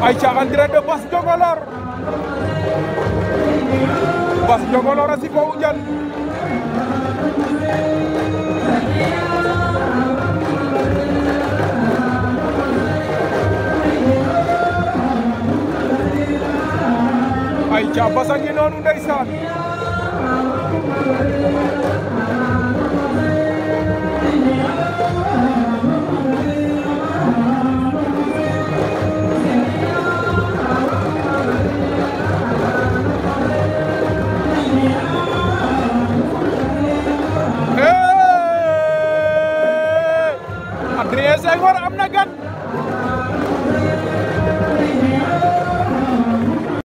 ay akan direct de Bass Diocolor Bass Diocolor a si kaw Ndiane Aïcha Bass a ngi Adrien Senghor am na gan